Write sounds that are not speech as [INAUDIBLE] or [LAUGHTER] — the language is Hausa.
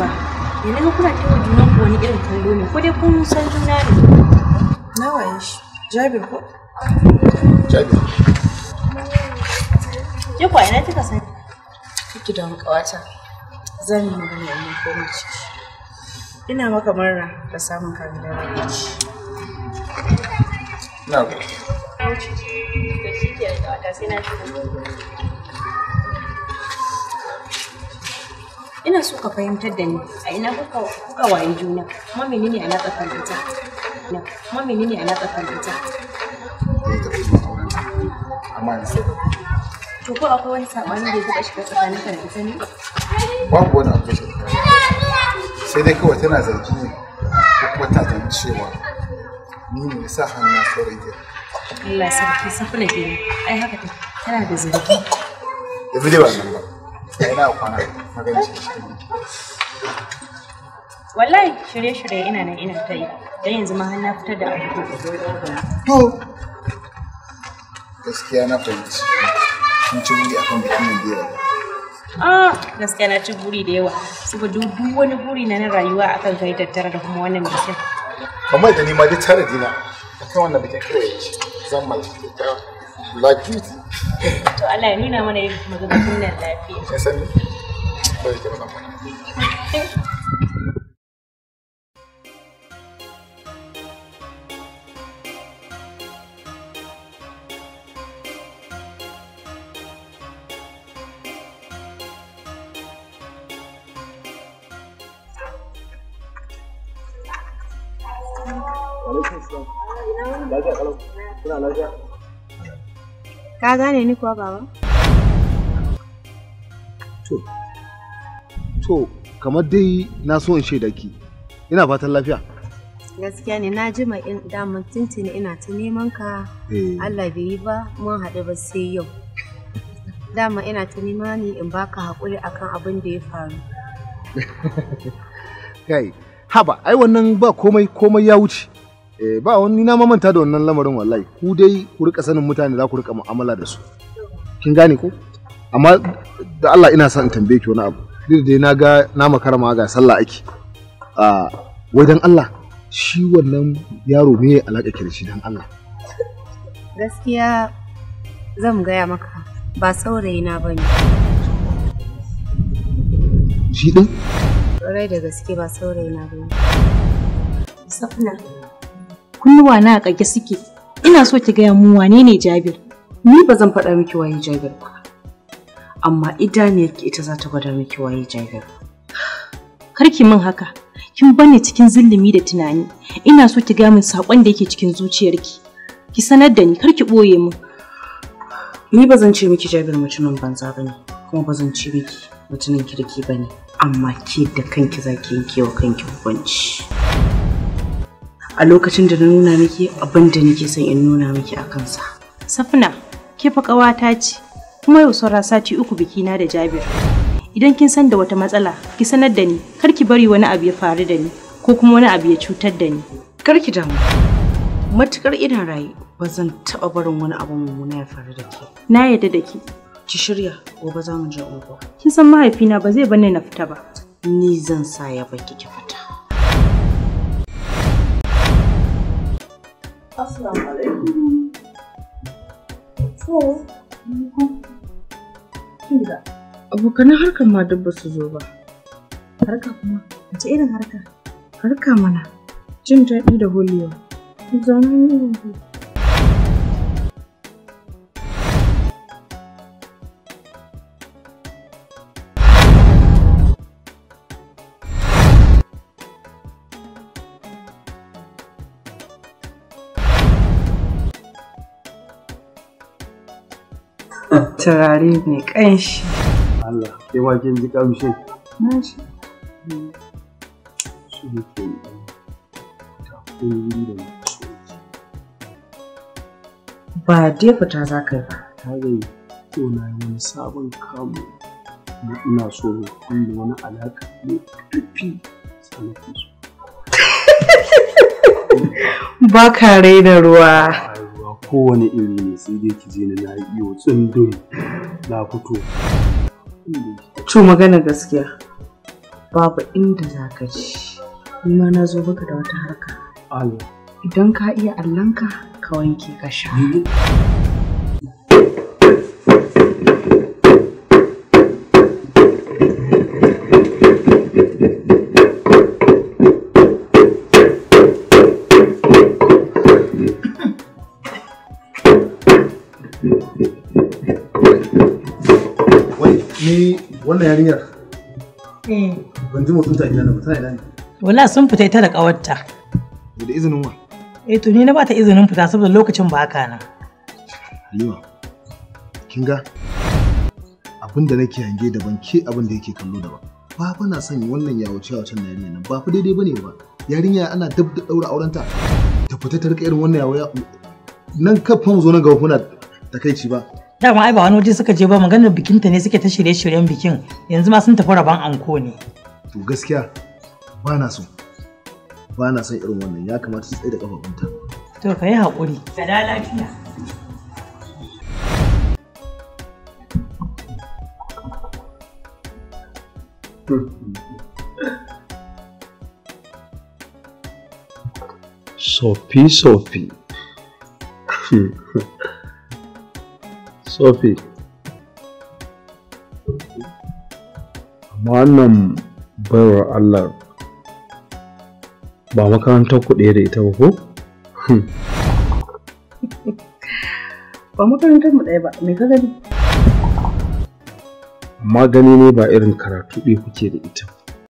ba ya naga kuna kai junan ku wani irin kallo ne ko dai kun san juna ne nawa ya shi jabir ko jabir ke kwa ina kika san kiki da kawata zan yi magana in koma ciki ina maka marra da samun kamilin na gode da shi da wata sai na ina so ka fahimtar da ni a ina kuka kuka juna kuma menene ana ita na kuma menene ana tsakanin ta amma to ko akwai wani sabani da ya shiga tsakanin ka da ita ne babu wani abu sai dai kawai tana zargi ne ko kuma ta zargi cewa ni ne sa hannu saurayi Allah sarki safi na ai haka tana da zargi da bidiyo ba sai da kwana magana ce wallahi shirye-shirye ina nan ina ta yi don yanzu ma na fitar da abu to gaskiya na fahimci sun ci buri akan bikin nan da yawa ah gaskiya na ci buri da yawa saboda duk wani buri na na rayuwa akan kai tattara da kuma wannan bikin kamar da ni ma dai tare dina akan wannan bikin kawai zan mallaki Lakiti. To Allah ya nuna mana yin maganganun nan lafiya. Ya sani. ke kalau Ka gane ni kuwa baba? To, to kamar dai na so in shaida ki. Ina fatan lafiya. Gaskiya ne na ji mai damar tuntuni ina ta neman ka. Eh. Allah bai yi ba mun haɗu ba sai yau. Dama ina ta nema ne in baka haƙuri akan abin da ya faru. [LAUGHS] Kai, haba, ai wannan ba komai komai ya wuce. eh ba wani na mamanta da wannan lamarin wallahi ku dai ku rika sanin mutane za ku rika mu'amala da su kin gane ko amma da Allah ina son in tambaye ki wani abu duk da na ga na makara ma ga sallah ake a wai dan Allah shi wannan yaro me alaka ki da shi dan Allah gaskiya zan gaya maka ba saurayina bane shi din ƙwarai da gaske ba saurayina bane safna kunnuwa na kage suke ina so ki gaya mu wane ne Jabir ni ba zan faɗa miki waye Jabir ba amma idaniyar yake ita za ta gwada miki waye Jabir Kar ki min haka kin bani cikin zillimi da tunani ina so ki gaya min sakon da yake cikin zuciyarki ki sanar da ni kar ki boye min ni ba zan ce miki Jabir mutumin banza bane kuma ba zan ce miki mutumin kirki bane amma ke da kanki zaki ki wa kanki hukunci a lokacin da na nuna miki abin da nake son in nuna miki a kansa. Safina, ke fa ƙawata ce, kuma yau saura sati uku biki na da Jabir. Idan kin san da wata matsala, ki sanar da ni, kar ki bari wani abu ya faru da ni, ko kuma wani abu ya cutar da ni. Kar ki damu. Matukar ina raye, ba zan taɓa barin wani abu mummuna ya faru da ke. Na yarda da ki. Ki shirya, gobe za mu je unguwa. Kin san mahaifina ba zai bane na fita ba. Ni zan sa ya baki ki fita. Assalamu alaikum. So, Abokanan harkar ma duk ba su zo ba. Harka kuma? irin harka? Harka mana. Jin daɗi da holewa. Zanen turare mai ƙanshi. Allah, ke ma kin ji ƙamshin? Nashi. shi. Shi ne ke yi takulli da Ba dai fita za ka yi ba. Ta zai ko na yi wani sabon kamu na ina so na kulle wani alaƙa mai ƙarfi tsananin su. [LAUGHS] Ba ka raina ruwa. kowane iri ne sai dai ki je na yi iyo tsundum na fito to magana gaskiya babu inda za ka ci Nima na zo baka da wata harka idan ka iya allanka ka wanke ka sha Ban ji motsin ta gida na ba ta ina ne. Wala sun fita ita da ƙawarta. Da izinin wa? Eh to ni na ba ta izinin fita saboda lokacin ba haka nan. Halima, kin ga abin da nake hange ban ke abin da yake kallo daban. Ba fa na son wannan yawace yawacen na yarinya nan ba fa daidai bane ba. Yarinya ana dab da daura aurenta ta fita ta rika irin wannan yawo nan kafin mu zo nan gaba kuna takaici ba. dama ai ba wani waje suka je ba maganar bikinta ne suke ta shirye-shiryen bikin yanzu ma sun tafi rabon anko ne to gaskiya ba na so ba na son irin wannan ya kamata su tsaye da kafafunta to ka yi haƙuri da lafiya Sophie, Sophie. [LAUGHS] tsofe wannan baiwar allah ba makarantar ku da ita ba ko? [LAUGHS] ba makarantar mu ɗaya ba mai ka gani magani ne ba irin karatu ɗaya kuke da ita ba